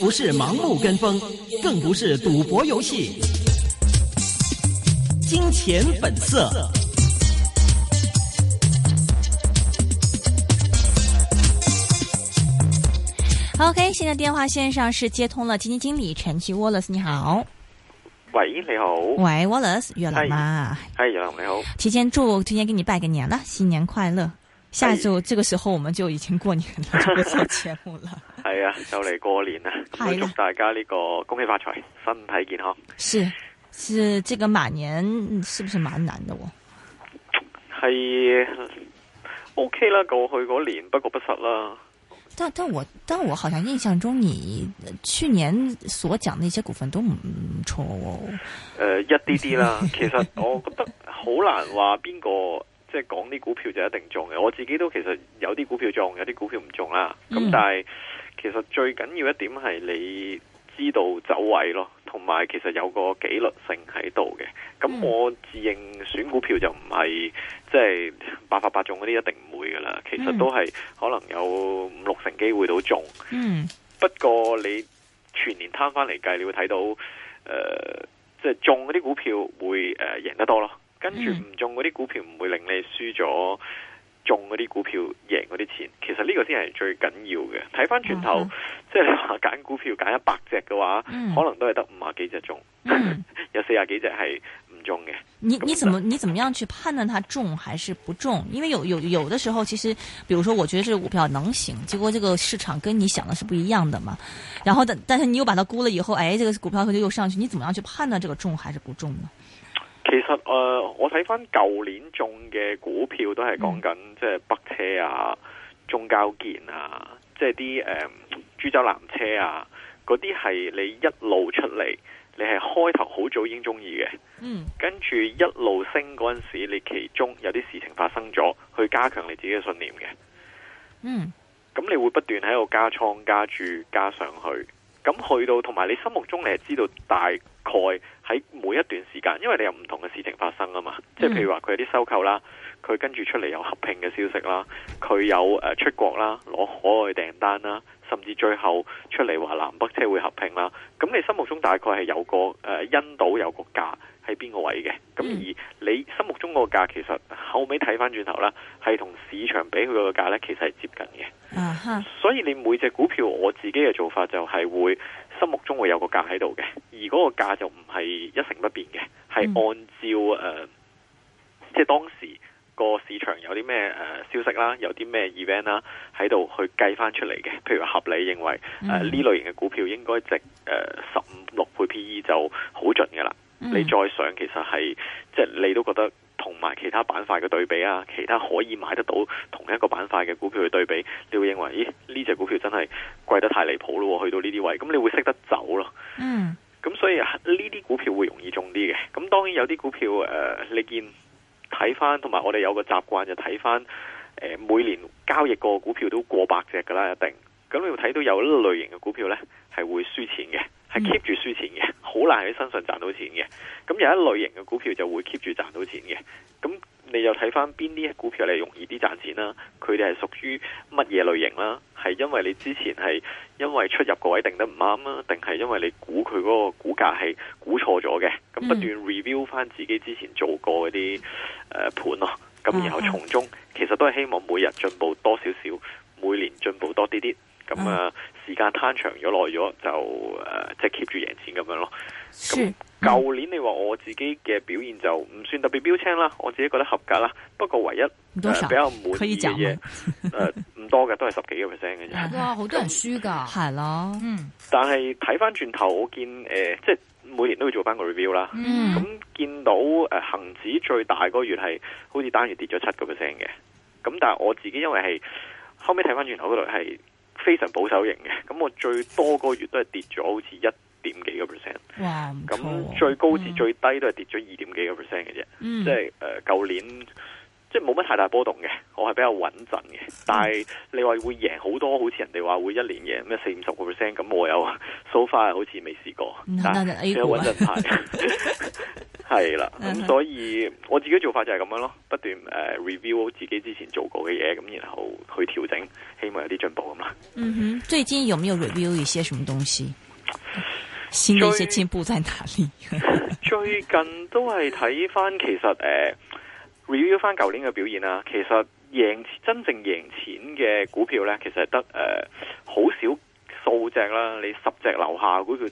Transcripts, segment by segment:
不是盲目跟風，更不是賭博遊戲。金錢本色。色 OK，現在電話線上是接通了基金經理陳昕 Wallace，你好。喂，你好。喂，Wallace，月來媽。嗨，月你好。提前祝提前給你拜個年了，新年快樂。下一週，哎，這個時候我們就已經過年了，就不做節目了。 係啊，就嚟過年啦，祝大家呢個恭喜發財，身體健康。是是，是這個馬年是不是蠻難的？係 OK 啦，過去嗰年不過不失啦。但但我但我好像印象中，你去年所講那些股份都唔錯。哦。誒、呃，一啲啲啦， 其實我覺得好難話邊個即係講啲股票就一定中嘅。我自己都其實有啲股票中，有啲股票唔中啦。咁、嗯、但係。其實最緊要一點係你知道走位咯，同埋其實有個紀律性喺度嘅。咁我自認選股票就唔係即係百發百中嗰啲，一定唔會噶啦。其實都係可能有五六成機會都中。嗯，不過你全年攤翻嚟計，你會睇到誒，即係中嗰啲股票會誒贏得多咯。跟住唔中嗰啲股票唔會令你輸咗。中嗰啲股票贏嗰啲錢，其實呢個先係最緊要嘅。睇翻轉頭，啊、即係你話揀股票揀一百隻嘅話，嗯、可能都係得五十幾隻中，嗯、 有四十幾隻係唔中嘅。你你怎麼你怎麼樣去判斷它中還是不中？因為有有有的時候，其實，比如說我覺得隻股票能行，結果這個市場跟你想的是不一樣的嘛。然後但但是你又把它沽了以後，誒、哎，這個股票它就又上去。你怎麼樣去判斷這個中還是不中呢？其實誒、呃，我睇翻舊年中嘅股票都係講緊，即係北車啊、中交建啊，即係啲誒，株洲南車啊，嗰啲係你一路出嚟，你係開頭好早已經中意嘅，嗯，跟住一路升嗰陣時，你其中有啲事情發生咗，去加強你自己嘅信念嘅，嗯，咁你會不斷喺度加倉、加住、加上去，咁去到同埋你心目中你係知道大。概喺每一段時間，因為你有唔同嘅事情發生啊嘛，即係譬如話佢有啲收購啦，佢跟住出嚟有合併嘅消息啦，佢有誒出國啦，攞海外訂單啦，甚至最後出嚟話南北車會合併啦，咁你心目中大概係有個誒、呃，印度有個價喺邊個位嘅，咁而你心目中個價其實後尾睇翻轉頭啦，係同市場畀佢個價咧，其實係接近嘅，所以你每隻股票我自己嘅做法就係會。心目中會有個價喺度嘅，而嗰個價就唔係一成不變嘅，係、嗯、按照誒、呃，即係當時個市場有啲咩誒消息啦，有啲咩 event 啦，喺度去計翻出嚟嘅。譬如合理認為誒呢、嗯呃、類型嘅股票應該值誒十五六倍 PE 就好準嘅啦。嗯、你再想，其實係即係你都覺得。同埋其他板塊嘅對比啊，其他可以買得到同一個板塊嘅股票去對比，你會認為咦，呢隻股票真係貴得太離譜咯，去到呢啲位，咁你會識得走咯。嗯，咁所以呢啲股票會容易中啲嘅。咁當然有啲股票、呃、你見睇翻，同埋我哋有個習慣就睇翻、呃、每年交易個股票都過百隻噶啦，一定。咁你會睇到有類型嘅股票呢，係會輸錢嘅。係 keep 住輸錢嘅，好難喺身上賺到錢嘅。咁有一類型嘅股票就會 keep 住賺到錢嘅。咁你又睇翻邊啲股票你容易啲賺錢啦。佢哋係屬於乜嘢類型啦？係因為你之前係因為出入個位定得唔啱啦，定係因為你估佢嗰個股價係估錯咗嘅。咁不斷 review 翻自己之前做過嗰啲誒盤咯。咁然後從中其實都係希望每日進步多少少，每年進步多啲啲。咁啊，嗯嗯、時間攤長咗耐咗，就呃、即係 keep 住贏錢咁樣咯。輸，舊年你話我自己嘅表現就唔算特別標青啦，我自己覺得合格啦。不過唯一、呃、比較滿意嘅嘢，唔、呃、多嘅都係十幾個 percent 嘅啫。係啊，好多人輸㗎，係咯。嗯、但係睇翻轉頭，我見、呃、即係每年都會做翻個 review 啦。咁、嗯、見到誒、呃、恆指最大個月係好似單月跌咗七個 percent 嘅。咁但係我自己因為係後尾睇翻轉頭嗰度係非常保守型嘅，咁我最多個月都係跌咗好似一點幾個 percent，咁、啊、最高至最低都係跌咗二點幾個 percent 嘅啫，即係誒舊年即係冇乜太大波動嘅，我係比較穩陣嘅。但係你話會贏好多，好似人哋話會一年贏咩四五十個 percent，咁我有 so far 好似未試過，即係穩陣派係啦，咁所以我自己做法就係咁樣咯，不斷誒 review 自己之前做過嘅嘢，咁然後去調整，希望有啲進步咁啦。嗯哼，最近有沒有 review 一些什麼東西？新的一些進步在哪裏？最，最近都係睇翻，其實誒、呃、review 翻舊年嘅表現啦。其實贏真正贏錢嘅股票咧，其實係得誒好、呃、少數隻啦。你十隻樓下股票。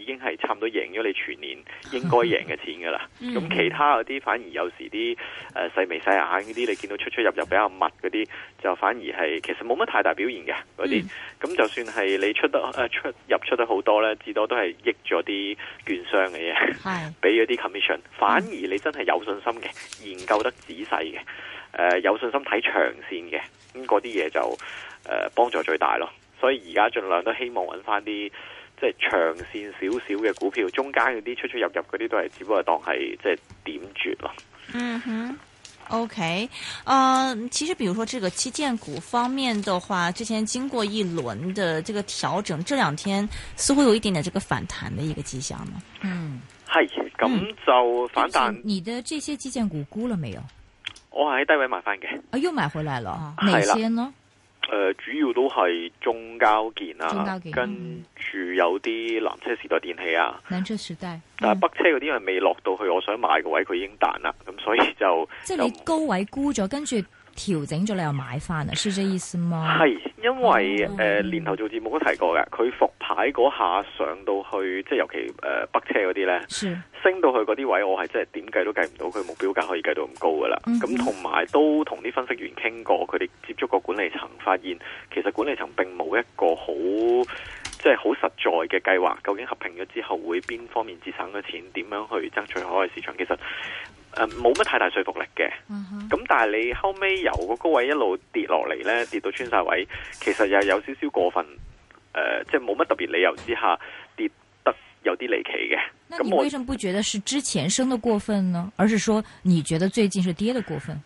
已經係差唔多贏咗你全年應該贏嘅錢噶啦，咁、mm hmm. 其他嗰啲反而有時啲誒、呃、細眉細眼嗰啲，你見到出出入入比較密嗰啲，就反而係其實冇乜太大表現嘅嗰啲。咁、mm hmm. 就算係你出得誒、呃、出入出得好多咧，至多都係益咗啲券商嘅嘢，俾咗啲 commission。反而你真係有信心嘅，研究得仔細嘅，誒、呃、有信心睇長線嘅，咁嗰啲嘢就誒、呃、幫助最大咯。所以而家盡量都希望揾翻啲。即係長線少少嘅股票，中間嗰啲出出入入嗰啲都係，只不過是當係即係點綴咯。嗯哼，OK，啊、uh,，其實，比如說這個基建股方面的話，之前經過一輪的這個調整，這兩天似乎有一點點這個反彈的一個跡象咯。嗯，係咁就反彈。嗯、但你的這些基建股沽了沒有？我係喺低位買翻嘅。啊，又買回來了？啊哪些呢？誒、呃，主要都係中交建啊，件跟住有啲南車時代電器啊，嗯、但係北車嗰啲因為未落到去，我想買個位佢已經彈啦，咁所以就即係你高位沽咗，跟住，調整咗你又買返啊，是這意思嗎？係因為誒、oh, okay. 呃，年頭做節目都提過嘅，佢複牌嗰下上到去，即係尤其誒、呃、北車嗰啲呢升到去嗰啲位，我係真係點計都計唔到佢目標價可以計到咁高噶啦。咁同埋都同啲分析員傾過，佢哋接觸過管理層，發現其實管理層並冇一個好即係好實在嘅計劃。究竟合併咗之後會邊方面節省咗錢，點樣去爭取海外市場？其實。誒，冇乜太大說服力嘅，咁、uh huh. 但係你後尾由個高位一路跌落嚟呢，跌到穿晒位，其實又有少少過分，呃、即係冇乜特別理由之下跌得有啲離奇嘅。咁你為什麼不覺得是之前升得過分呢？我而是說你覺得最近是跌得過分？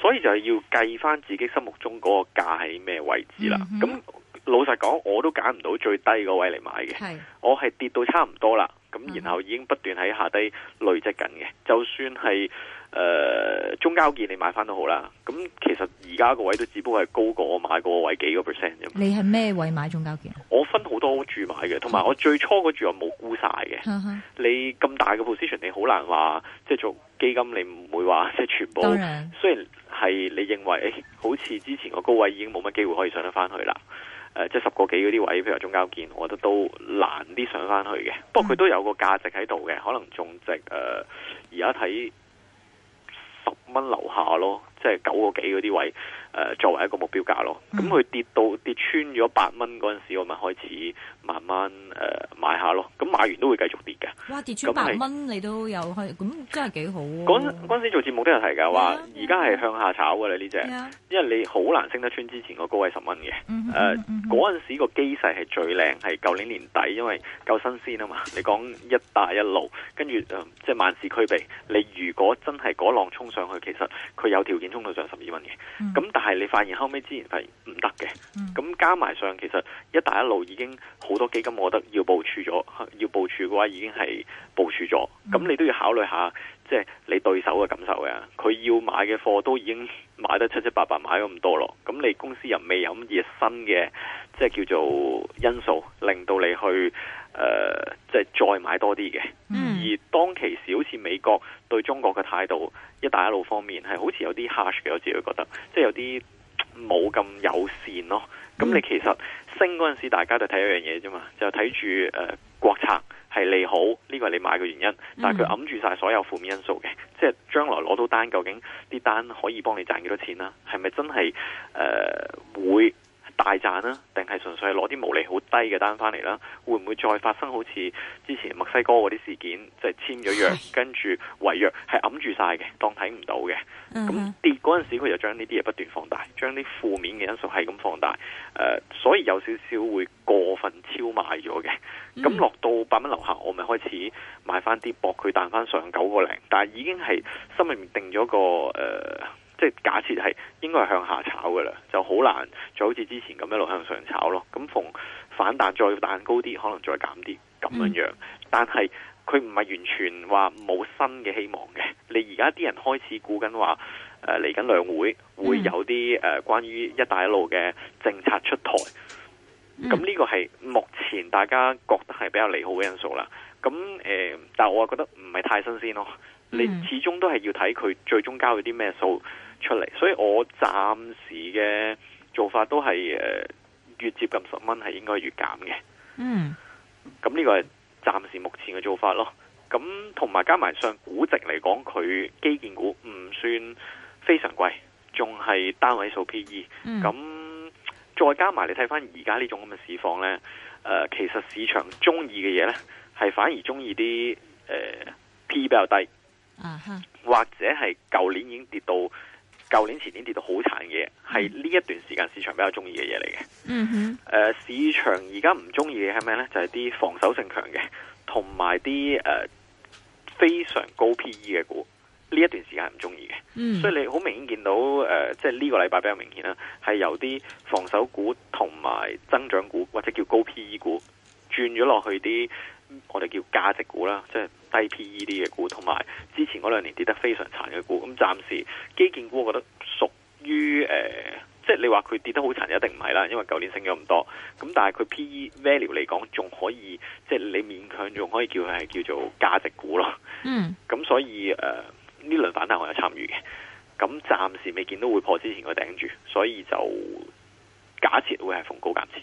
所以就要計翻自己心目中嗰個價喺咩位置啦。咁、uh huh. 老實講，我都揀唔到最低嗰位嚟買嘅，Hey. 我係跌到差唔多啦。咁然後已經不斷喺下低累積緊嘅，嗯、就算係誒、呃、中交建你買翻都好啦。咁其實而家個位都只不過係高過我買個位幾個 percent 啫。你係咩位買中交建？我分好多住買嘅，同埋我最初嗰住我冇沽晒嘅。嗯、你咁大嘅 position，你好難話即係做基金你，你唔會話即係全部。當然，雖然係你認為，好似之前個高位已經冇乜機會可以上得翻去啦。誒、呃，即係十個幾嗰啲位，譬如話中交建，我覺得都難啲上返去嘅。不過佢都有個價值喺度嘅，可能仲值。誒、呃，而家睇十蚊樓下咯，即係九個幾嗰啲位。誒作為一個目標價咯，咁佢、嗯、跌到跌穿咗八蚊嗰陣時，我咪開始慢慢誒買下咯。咁買完都會繼續跌嘅。哇！跌穿八蚊是你都有去，咁真係幾好。嗰嗰陣時做節目都有提㗎，話而家係向下炒㗎啦呢隻，因為你好難升得穿之前個高位十蚊嘅。誒嗰陣時個機勢係最靚，係舊年年底，因為夠新鮮啊嘛。你講一帶一路，跟住即係萬事俱備。你如果真係嗰浪沖上去，其實佢有條件沖到上十二蚊嘅。咁但、嗯係你發現後尾之前發現唔得嘅，咁、嗯、加埋上，上其實一帶一路已經好多基金，我覺得要部署咗，要部署嘅話已經係部署咗，咁你都要考慮下。即係你對手嘅感受嘅，佢要買嘅貨都已經買得七七八八，買咗咁多咯。咁你公司又未有乜嘢新嘅，即係叫做因素令到你去誒，即係再買多啲嘅。嗯。而當其時，好似美國對中國嘅態度，一帶一路方面係好似有啲 hush 嘅，我自己覺得，即係有啲冇咁友善咯。咁你其實升嗰陣時，大家都睇一樣嘢啫嘛，就睇住誒國策。係利好，呢、呢個係你買嘅原因，但係佢揞住晒所有負面因素嘅，即係將來攞到單，究竟啲單可以幫你賺幾多少錢啦？係咪真係誒、呃、會？大賺啦、啊，定係純粹係攞啲毛利好低嘅單翻嚟啦？會唔會再發生好似之前墨西哥嗰啲事件，就係簽咗約跟住違約，係揞住晒嘅，當睇唔到嘅。咁跌嗰陣時，佢就將呢啲嘢不斷放大，將啲負面嘅因素係咁放大。誒、呃，所以有少少會過分超賣咗嘅。咁落到八蚊樓下，我咪開始買翻啲，搏佢彈翻上九個零。但係已經係心裏面定咗個誒。呃即係假設係應該係向下炒嘅啦，就好難，就好似之前咁一路向上炒咯。咁逢反彈再彈高啲，可能再減啲咁樣樣。但係佢唔係完全話冇新嘅希望嘅。你而家啲人開始估緊話，呃、嚟緊兩會會有啲誒、嗯呃、關於一帶一路嘅政策出台。咁呢個係目前大家覺得係比較利好嘅因素啦。咁誒、呃，但係我覺得唔係太新鮮咯。你始終都係要睇佢最終交咗啲咩數出嚟，所以我暫時嘅做法都係誒越接近十蚊係應該越減嘅。嗯，咁呢個係暫時目前嘅做法咯。咁同埋加埋上，上估值嚟講，佢基建股唔算非常貴，仲係單位數 PE。咁、mm. 再加埋你睇翻而家呢種咁嘅市況呢，誒、呃、其實市場中意嘅嘢呢係反而中意啲誒 PE 比較低，uh huh. 或者係舊年已經跌到。舊年、前年跌到好慘嘅，係呢一段時間市場比較中意嘅嘢嚟嘅。嗯哼、mm，誒、hmm. 呃，市場而家唔中意嘅係咩呢？就係、是、啲防守性強嘅，同埋啲誒非常高 P E 嘅股。呢一段時間唔中意嘅，mm hmm. 所以你好明顯見到誒，即係呢個禮拜比較明顯啦，係由啲防守股同埋增長股或者叫高 P E 股轉咗落去啲我哋叫價值股啦，即係。低 P E 啲嘅股，同埋之前嗰兩年跌得非常殘嘅股，咁暫時基建股我覺得屬於誒，即係你話佢跌得好殘，一定唔係啦，因為舊年升咗咁多，咁但係佢 P E value 嚟講，仲可以，即係你勉強仲可以叫佢係叫做價值股咯。嗯，咁所以誒呢輪反彈我有參與嘅，咁暫時未見到會破之前個頂住，所以就假設會係逢高減持。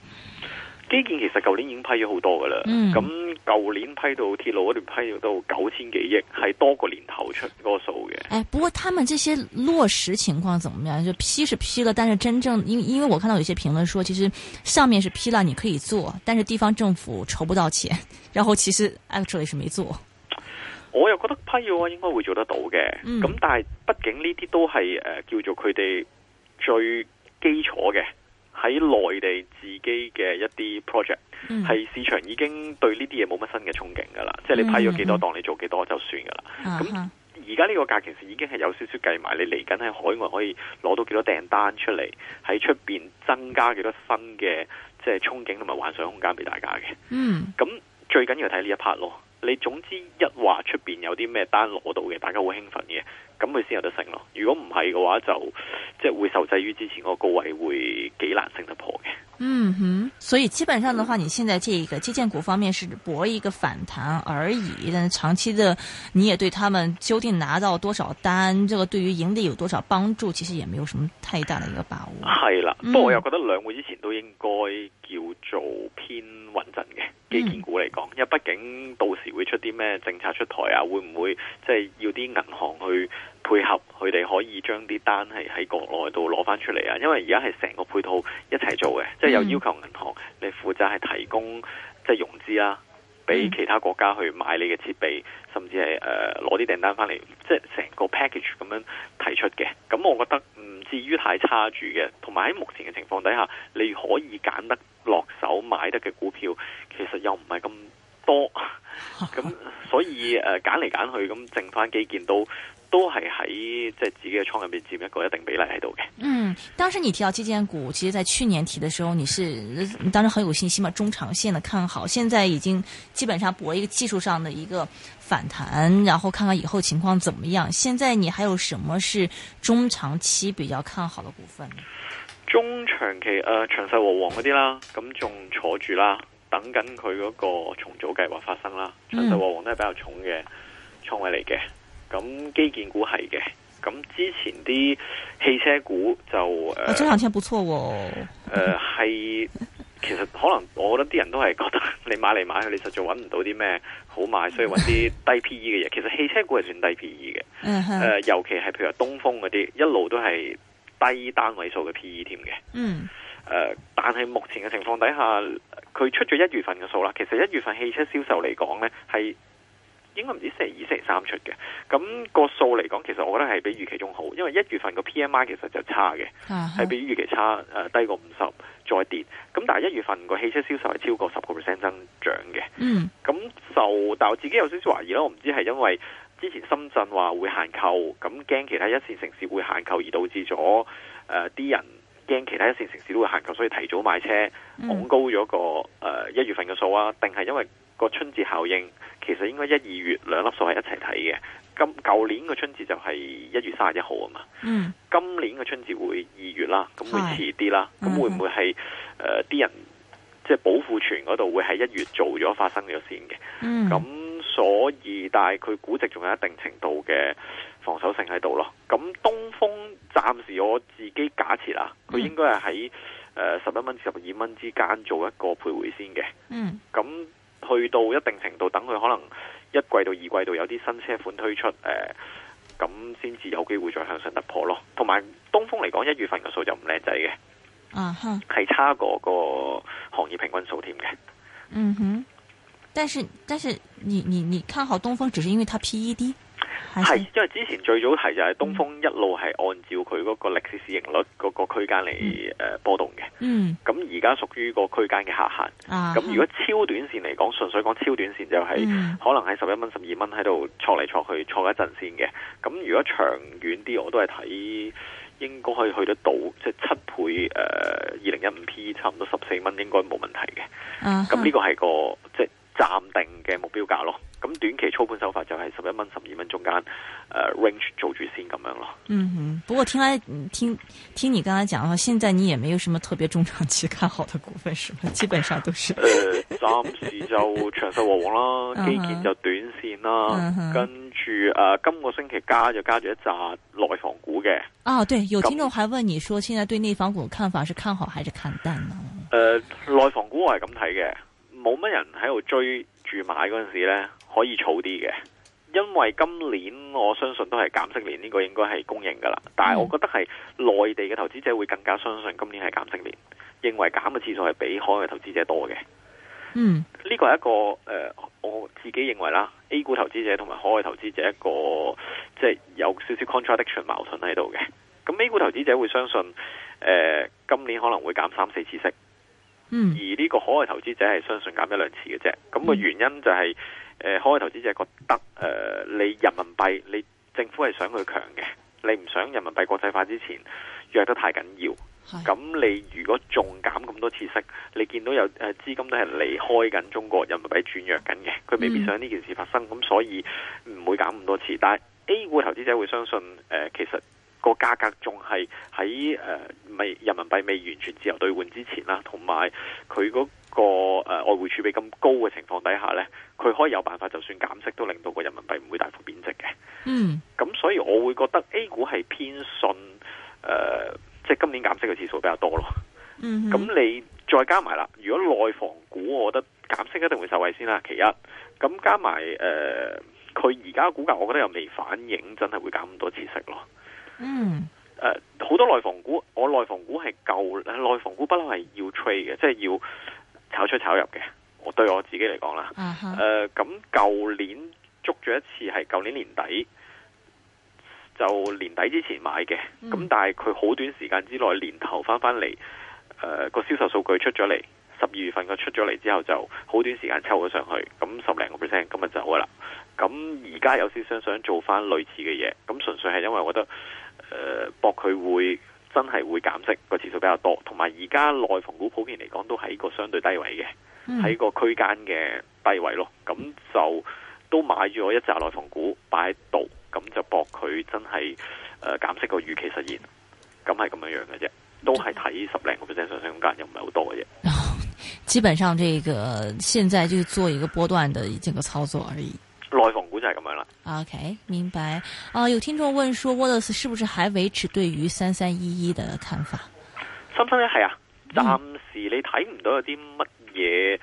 基建其實舊年已經批咗好多噶啦，咁舊、嗯、年批到鐵路嗰段，批到九千幾億，係多個年頭出嗰個數嘅。誒、哎，不過他們這些落實情況怎麼樣？就批是批了，但是真正因為因為我看到有些評論說，其實上面是批了你可以做，但是地方政府籌不到錢，然後其實 actually 是沒做。我又覺得批嘅話應該會做得到嘅，咁、嗯、但係畢竟呢啲都係誒、呃、叫做佢哋最基礎嘅喺內地自己嘅一 project 係、嗯、市場已經對呢啲嘢冇乜新嘅憧憬㗎啦，即、就、係、是、你派咗幾多檔，嗯、你做幾多就算㗎啦。咁而家呢個價其實已經係有少少計埋你嚟緊喺海外可以攞到幾多訂單出嚟，喺出邊增加幾多新嘅即係憧憬同埋幻想空間俾大家嘅。嗯，咁最緊要睇呢一 part 咯。你總之一話出邊有啲咩單攞到嘅，大家會興奮嘅，咁佢先有得升咯。如果唔係嘅話就，就即、是、係會受制於之前個高位，會幾難升得破嘅。嗯哼，所以基本上的話，你現在這個基建股方面是搏一個反彈而已，但長期的，你也對他們究竟拿到多少單，這個對於盈利有多少幫助，其實也沒有什麼太大的一個把握。係啦，嗯、不過我又覺得兩會之前都應該叫做偏穩陣嘅基建股嚟講，嗯、因為畢竟到時會出啲咩政策出台啊，會唔會即係要啲銀行去？配合佢哋可以將啲單係喺國內度攞翻出嚟啊！因為而家係成個配套一齊做嘅，即係、嗯、有要求銀行你負責係提供即係、就是、融資啊，俾、嗯、其他國家去買你嘅設備，甚至係誒攞啲訂單翻嚟，即係成個 package 咁樣提出嘅。咁我覺得唔至於太差住嘅，同埋喺目前嘅情況底下，你可以揀得落手買得嘅股票，其實又唔係咁多，咁所以誒揀嚟揀去，咁剩翻幾件都。都係喺即係自己嘅倉入邊佔一個一定比例喺度嘅。嗯，當時你提到基建股，其實在去年提的時候，你是你當然很有信心嘛，中長，中長線的看好。現在已經基本上搏一個技術上的一個反彈，然後看看以後情況怎麼樣。現在你還有什麼是中長期比較看好的股份呢？中長期誒、呃，長實和黃嗰啲啦，咁仲坐住啦，等緊佢嗰個重組計劃發生啦。長實和黃都係比較重嘅倉位嚟嘅。嗯咁基建股係嘅，咁之前啲汽車股就誒，哦呃、這兩天不錯喎、哦。誒、呃，係 其實可能我覺得啲人都係覺得你買嚟買去，你實在揾唔到啲咩好買，所以揾啲低 P E 嘅嘢。 其實汽車股係算低 P E 嘅，誒、 呃，尤其係譬如話東風嗰啲，一路都係低單位數嘅 P E 添嘅。嗯。誒、呃，但係目前嘅情況底下，佢出咗一月份嘅數啦。其實一月份汽車銷售嚟講咧，係。應該唔知星期二、星期三出嘅，咁個數嚟講，其實我覺得係比預期仲好，因為一月份個 PMI 其實就差嘅，係、啊、比預期差，誒、呃、低過五十再跌。咁但係一月份個汽車銷售係超過十個 percent 增長嘅。嗯，咁就但我自己有少少懷疑啦，我唔知係因為之前深圳話會限購，咁驚其他一線城市會限購，而導致咗誒啲人驚其他一線城市都會限購，所以提早買車，拱高咗個誒一、呃、月份嘅數啊？定係因為？個春節效應其實應該一、二月兩粒數係一齊睇嘅。嗯、今舊年個春節就係一月三十一號啊嘛。嗯。今年個春節會二月啦，咁、呃就是、會遲啲啦。咁會唔會係誒啲人即係保庫存嗰度會喺一月做咗發生咗先嘅？嗯。咁所以，但係佢估值仲有一定程度嘅防守性喺度咯。咁東風暫時我自己假設啦，佢應該係喺誒十一蚊至十二蚊之間做一個徘徊先嘅。嗯。咁。去到一定程度，等佢可能一季到二季度有啲新車款推出，誒、呃，咁先至有機會再向上突破咯。同埋，東風嚟講，一月份個數就唔靚仔嘅，啊哈、uh，係、huh. 差過個行業平均數添嘅。嗯哼、uh，huh. 但是，但是你你你看好東風，只是因為它 P E 低。係，因為之前最早提就係東風一路係按照佢嗰個歷史市盈率嗰個區間嚟誒波動嘅。嗯，咁而家屬於嗰個區間嘅下限。咁、啊、哼如果超短線嚟講，純粹講超短線就係可能喺十一蚊、十二蚊喺度錯嚟錯去，錯一陣先嘅。咁如果長遠啲，我都係睇應該可以去得到，即係七倍誒二零一五 P 差唔多十四蚊，應該冇問題嘅。咁呢、啊、哼個係個即係、就是、暫定嘅目標價咯。咁短期操盤手法就係十一蚊、十二蚊中間，誒 range 做住先咁樣咯。嗯哼，不過聽來聽聽你剛才講啊，現在你也沒有什麼特別中長期看好的股份，是嗎？基本上都是誒，暫、呃、時就長實和黃啦， 基建就短線啦，uh huh, uh huh. 跟住誒、呃、今個星期加就加住一紮內房股嘅。啊，對，有聽眾跟還問你說，現在對內房股看法是看好還是看淡呢？誒、呃，內房股我係咁睇嘅，冇乜人喺度追住買嗰陣時咧。可以儲啲嘅，因為今年我相信都係減息年，呢個應該係公認噶啦。但係我覺得係內地嘅投資者會更加相信今年係減息年，認為減嘅次數係比海外投資者多嘅。嗯，呢個係一個誒，我自己認為啦，A 股投資者同埋海外投資者一個即係有少少 contradiction 矛盾喺度嘅。咁 A 股投資者會相信誒，今年可能會減三四次息。嗯，而呢個海外投資者係相信減一兩次嘅啫。咁個原因就係。嗯誒，海、呃、投資者覺得，誒、呃，你人民幣，你政府係想佢強嘅，你唔想人民幣國際化之前弱得太緊要。咁的你如果仲減咁多次息，你見到有誒、呃、資金都係離開緊中國，人民幣轉弱緊嘅，佢未必想呢件事發生，咁、嗯、所以唔會減咁多次。但係 A 股投資者會相信，誒、呃，其實個價格仲係喺誒未人民幣未完全自由兌換之前啦，同埋佢嗰，個誒、呃、外匯儲備咁高嘅情況底下呢，佢可以有辦法，就算減息都令到個人民幣唔會大幅貶值嘅。嗯，咁所以我會覺得 A 股係偏信誒，即、呃、係、就是、今年減息嘅次數比較多咯。咁、嗯、哼你再加埋啦，如果內房股，我覺得減息一定會受惠先啦。其一，咁加埋誒，佢而家股價我覺得又未反映真係會減咁多次息咯。嗯，誒、呃，好多內房股，我內房股係夠，內房股不嬲係要 trade 嘅，即、就、係、是、要。炒出炒入嘅，我對我自己嚟講啦，咁舊、uh huh. 呃、年捉咗一次，係舊年年底，就年底之前買嘅，咁、uh huh. 但係佢好短時間之內，年頭翻返嚟，誒、呃，個銷售數據出咗嚟，十二月份佢出咗嚟之後，就好短時間抽咗上去，咁十零個 percent，咁啊走啦，咁而家有少少想做翻類似嘅嘢，咁純粹係因為我覺得，呃、博佢會。真係會減息個次數比較多，同埋而家內房股普遍嚟講都係一個相對低位嘅，喺、嗯、個區間嘅低位咯。咁就都買咗一紮內房股擺喺度，咁就博佢真係誒、呃、減息個預期實現。咁係咁樣樣嘅啫，都係睇十零個 percent 上升空間，又唔係好多嘅啫、哦。基本上、這個，呢個現在就做一個波段嘅一、這個操作而已。O.K. 明白啊，呃，有聽眾問說，Wallace 是不是還維持對於三三一一的看法？三三一係啊，暫時你睇唔到有啲乜嘢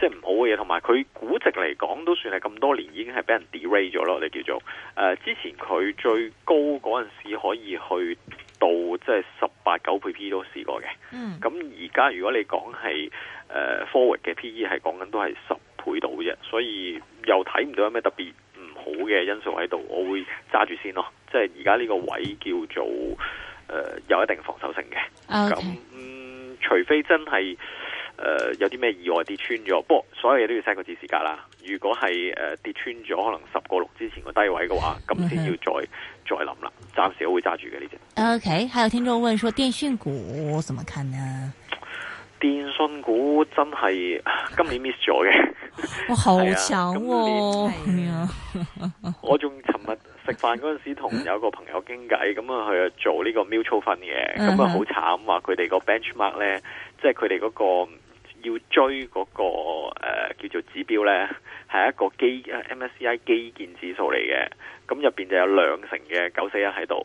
即係唔好嘅嘢，同埋佢估值嚟講都算係咁多年已經係俾人 degrade 咗咯。我哋叫做誒、呃，之前佢最高嗰陣時可以去到即係十八九倍 P E 都試過嘅。嗯，咁而家如果你講係誒、呃、forward 嘅 P E 係講緊都係十倍到啫，所以又睇唔到有咩特別。好嘅因素喺度，我會揸住先咯。即係而家呢個位叫做，誒、呃、有一定防守性嘅。咁 Okay.、嗯、除非真係，誒、呃、有啲咩意外跌穿咗，不過所有嘢都要嘥個指示格啦。如果係誒、呃、跌穿咗，可能十個六之前個低位嘅話，咁先要再 再諗啦。暫時我會揸住嘅呢隻。OK，還有聽眾問說，電訊股我怎麼看呢？電信股真係今年 miss 咗嘅，我好慘哦！我仲尋日食飯嗰陣時同有個個朋友傾偈，咁啊去做個 就呢個 mutual fund 嘅，咁啊好慘話佢哋個 benchmark 咧，即係佢哋嗰個要追嗰、嗰個誒、呃、叫做指標咧，係一個基 MSCI 基建指數嚟嘅，咁入邊就有兩成嘅九四一喺度。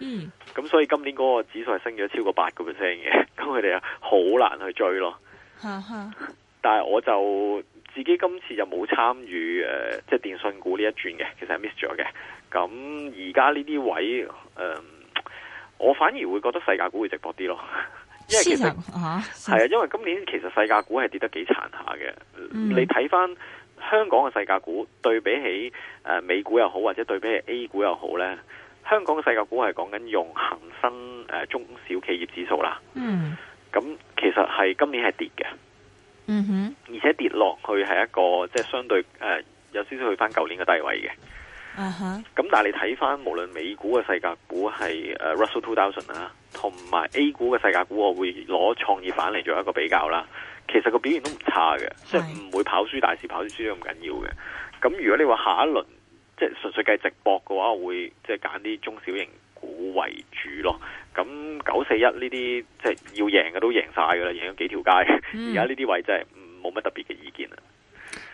嗯，咁所以今年嗰個指數係升咗超過八個 percent 嘅，咁佢哋啊好難去追咯。嗯嗯嗯、但係我就自己今次就冇參與誒，即、呃、係、就是、電信股呢一轉嘅，其實係 miss 咗嘅。咁而家呢啲位誒、呃，我反而會覺得世界股會抵博啲咯。因為其實吓係啊，嗯嗯、因為今年其實世界股係跌得幾殘下嘅。你睇翻香港嘅世界股對比起誒、呃、美股又好，或者對比起 A 股又好咧。香港嘅世界股係講緊用恒生誒、呃、中小企業指數啦，嗯、mm，咁、hmm. 其實係今年係跌嘅，嗯哼、mm，hmm. 而且跌落去係一個即係、就是、相對誒、呃、有少少去翻舊年嘅低位嘅，咁、uh huh. 但係你睇翻無論美股嘅世界股係誒 Russell Two Thousand 啦，同埋 A 股嘅世界股，我會攞創業板嚟做一個比較啦，其實個表現都唔差嘅，mm hmm. 即係唔會跑輸大市，跑輸都咁緊要嘅。咁如果你話下一輪。即係純粹計直播嘅話，我會即係揀啲中小型股為主咯。咁九四一呢啲即係要贏嘅都贏晒噶啦，贏咗幾條街。而家呢啲位真係冇乜特別嘅意見啦。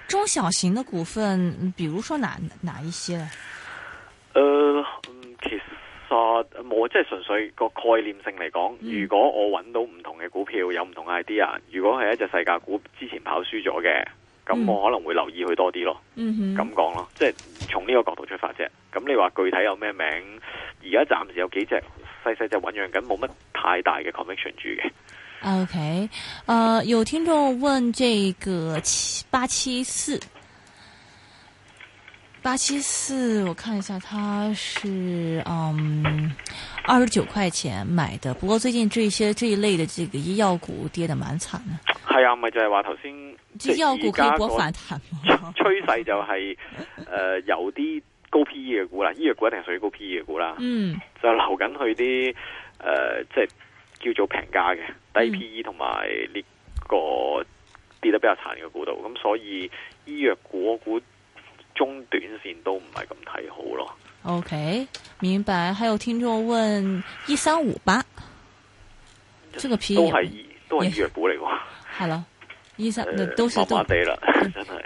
中小型嘅股份，比如說哪哪一些呢？誒、呃，其實冇，即係純粹個概念性嚟講，如果我揾到唔同嘅股票有唔同嘅 idea，如果係一隻世界股之前跑輸咗嘅。咁、嗯、我可能會留意佢多啲咯，咁講、嗯、哼咯，即係從呢個角度出發啫。咁你話具體有咩名？而家暫時有幾隻細細隻醞釀緊，冇乜太大嘅 conviction 住嘅。OK，誒、呃、有聽眾問這個七八七四。八七四，我看一下，它是嗯二十九塊錢買的。不過最近這些這一類的這個醫藥股跌得蠻慘啊。係啊，唔係就係話頭先，醫藥股可以博反彈。趨勢就係、是、誒、呃、有啲高 P E 嘅股啦，醫藥股一定係屬於高 P E 嘅股啦。嗯，就流緊去啲誒即係叫做平價嘅低 P E 同埋呢個跌得比較慘嘅股度。咁所以醫藥股股中短線都唔係咁睇好咯。OK，明白。還有聽眾問一三五八，這個 P 都係都係醫藥股嚟喎。係咯 Yeah. 一三，都麻麻、呃、是地啦， 真係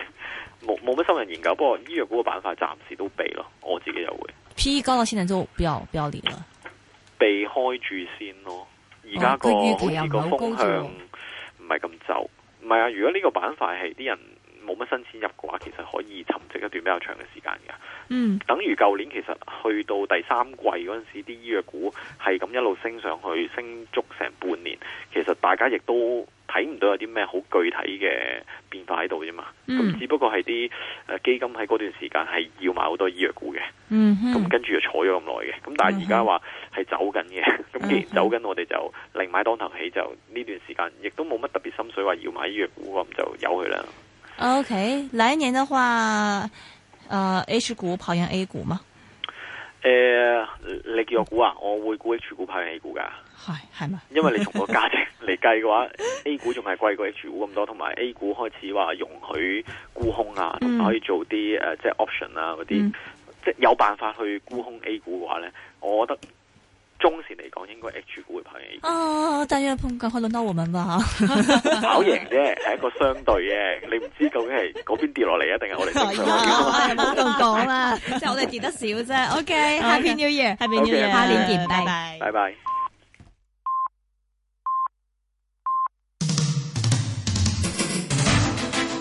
冇冇乜深入研究。不過醫藥股個板塊暫時都避咯，我自己就會 P 高到現在就不要不要理啦。避開住先咯，而家個而個方向唔係咁走。唔係啊，如果呢個板塊係啲人。冇乜新錢入嘅話，其實可以沉寂一段比較長嘅時間嘅。嗯，等於舊年其實去到第三季嗰陣時，啲醫藥股係咁一路升上去，升足成半年。其實大家亦都睇唔到有啲咩好具體嘅變化喺度啫嘛。咁、嗯、只不過係啲、啊、基金喺嗰段時間係要買好多醫藥股嘅。嗯咁哼跟住就坐咗咁耐嘅。咁但係而家話係走緊嘅。咁既然走緊，我哋、嗯、哼就另買當頭起。就呢段時間亦都冇乜特別心水話要買醫藥股咁，那就由佢啦。O、okay, K，來年嘅話，誒、呃、H 股跑贏 A 股嗎？誒、呃，你叫我估啊，我會估 H 股跑贏 A 股噶，係係嘛？ 因為你從個價值嚟計嘅話 ，A 股仲係貴過 H 股咁多，同埋 A 股開始話容許沽空啊，同埋可以做啲誒即係 option 啊嗰啲，即係、嗯、有辦法去沽空 A 股嘅話咧，我覺得。中線嚟講，應該 H 股會派。哦，但若碰巧可以輪到我們吧，攪型啫，係一個相對嘅，你唔知究竟係嗰邊跌落嚟啊，定係我哋跌？唔好咁講啦，即係我哋跌得少啫。OK，Happy New Year，Happy New Year，跨年見，拜拜。拜拜。